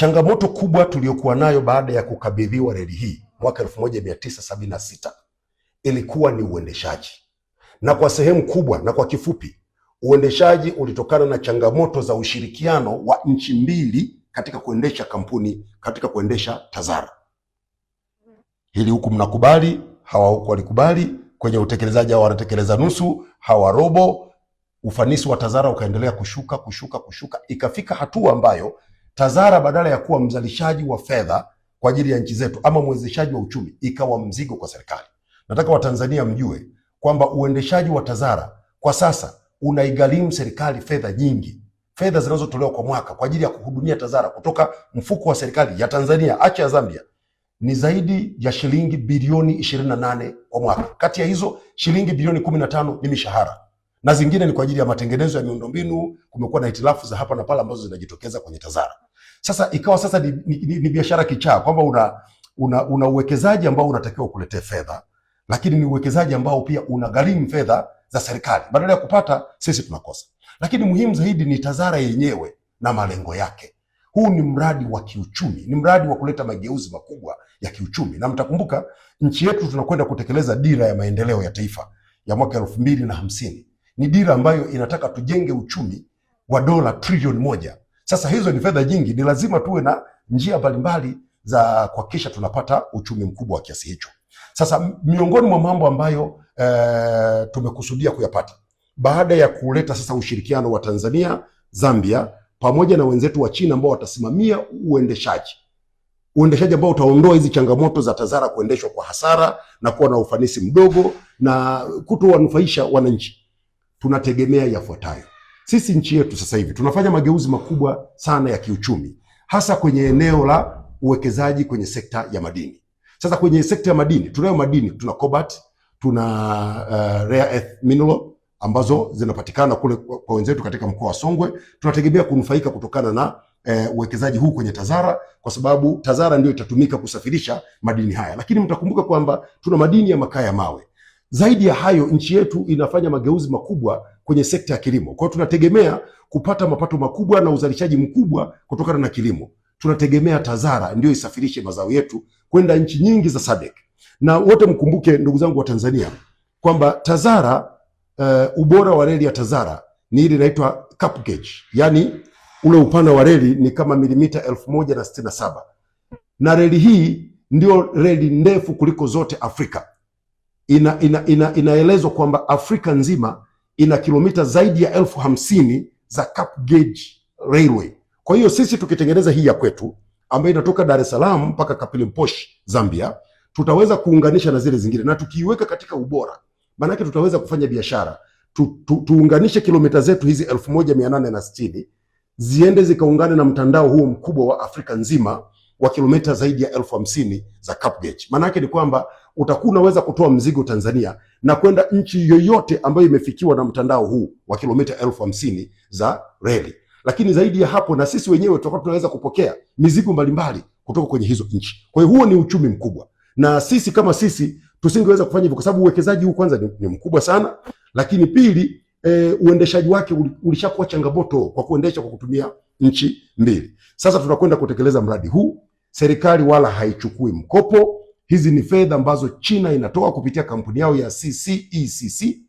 Changamoto kubwa tuliyokuwa nayo baada ya kukabidhiwa reli hii mwaka sita ilikuwa ni uendeshaji, na kwa sehemu kubwa na kwa kifupi, uendeshaji ulitokana na changamoto za ushirikiano wa nchi mbili katika kuendesha kampuni, katika kuendesha TAZARA. Hili huku mnakubali, hawa huku walikubali. Kwenye utekelezaji hawa wanatekeleza nusu, hawa robo. Ufanisi wa TAZARA ukaendelea kushuka kushuka kushuka, ikafika hatua ambayo TAZARA badala ya kuwa mzalishaji wa fedha kwa ajili ya nchi zetu ama mwezeshaji wa uchumi ikawa mzigo kwa serikali. Nataka Watanzania mjue kwamba uendeshaji wa TAZARA kwa sasa unaigharimu serikali fedha nyingi, fedha zinazotolewa kwa mwaka kwa ajili ya kuhudumia TAZARA kutoka mfuko wa serikali ya Tanzania, acha ya Zambia, ni zaidi ya shilingi bilioni 28 kwa mwaka. Kati ya hizo shilingi bilioni 15 ni mishahara na zingine ni kwa ajili ya matengenezo ya miundombinu. Kumekuwa na hitilafu za hapa na pale ambazo zinajitokeza kwenye TAZARA. Sasa ikawa sasa ni, ni, ni, ni biashara kichaa kwamba una, una, una uwekezaji ambao unatakiwa kuletea fedha, lakini ni uwekezaji ambao pia unagharimu fedha za serikali, badala ya kupata sisi tunakosa. Lakini muhimu zaidi ni TAZARA yenyewe na malengo yake. Huu ni mradi wa kiuchumi, ni mradi wa kuleta mageuzi makubwa ya kiuchumi, na mtakumbuka nchi yetu tunakwenda kutekeleza dira ya maendeleo ya taifa ya mwaka elfu mbili na hamsini. Ni dira ambayo inataka tujenge uchumi wa dola trilioni moja sasa hizo ni fedha nyingi, ni lazima tuwe na njia mbalimbali za kuhakikisha tunapata uchumi mkubwa wa kiasi hicho. Sasa miongoni mwa mambo ambayo e, tumekusudia kuyapata baada ya kuleta sasa ushirikiano wa Tanzania, Zambia pamoja na wenzetu wa China ambao watasimamia uendeshaji uendeshaji ambao utaondoa hizi changamoto za TAZARA kuendeshwa kwa hasara na kuwa na ufanisi mdogo na kutowanufaisha wananchi, tunategemea yafuatayo. Sisi nchi yetu sasa hivi tunafanya mageuzi makubwa sana ya kiuchumi, hasa kwenye eneo la uwekezaji kwenye sekta ya madini. Sasa kwenye sekta ya madini tunayo madini, tuna cobalt, tuna uh, rare earth mineral ambazo zinapatikana kule kwa wenzetu katika mkoa wa Songwe. Tunategemea kunufaika kutokana na eh, uwekezaji huu kwenye TAZARA kwa sababu TAZARA ndio itatumika kusafirisha madini haya, lakini mtakumbuka kwamba tuna madini ya makaa ya mawe. Zaidi ya hayo, nchi yetu inafanya mageuzi makubwa kwenye sekta ya kilimo. Kwa hiyo tunategemea kupata mapato makubwa na uzalishaji mkubwa kutokana na kilimo. Tunategemea TAZARA ndio isafirishe mazao yetu kwenda nchi nyingi za SADC. Na wote mkumbuke, ndugu zangu wa Tanzania, kwamba TAZARA uh, ubora wa reli ya TAZARA ni ile inaitwa cap gauge, yaani ule upana wa reli ni kama milimita elfu moja na sitini na saba na reli hii ndio reli ndefu kuliko zote Afrika. Ina, ina, ina, inaelezwa kwamba Afrika nzima ina kilomita zaidi ya elfu hamsini za Cap Gauge Railway. Kwa hiyo sisi tukitengeneza hii ya kwetu ambayo inatoka Dar es Salaam mpaka Kapilimposh Zambia, tutaweza kuunganisha na zile zingine, na tukiiweka katika ubora, maanake tutaweza kufanya biashara tu, tu, tuunganishe kilomita zetu hizi elfu moja mia nane na sitini ziende zikaungane na mtandao huo mkubwa wa Afrika nzima wa kilomita zaidi ya elfu hamsini za cap gauge. Maana yake ni kwamba utakuwa unaweza kutoa mzigo Tanzania na kwenda nchi yoyote ambayo imefikiwa na mtandao huu wa kilomita elfu hamsini za reli, lakini zaidi ya hapo na sisi wenyewe tutakuwa tunaweza kupokea mizigo mbalimbali kutoka kwenye hizo nchi. Kwa hiyo huo ni uchumi mkubwa, na sisi kama sisi tusingeweza kufanya hivyo kwa sababu uwekezaji huu kwanza ni, ni mkubwa sana, lakini pili e, uendeshaji wake ulishakuwa changamoto kwa kuendesha kwa kutumia nchi mbili. Sasa tunakwenda kutekeleza mradi huu serikali wala haichukui mkopo. Hizi ni fedha ambazo China inatoa kupitia kampuni yao ya CCECC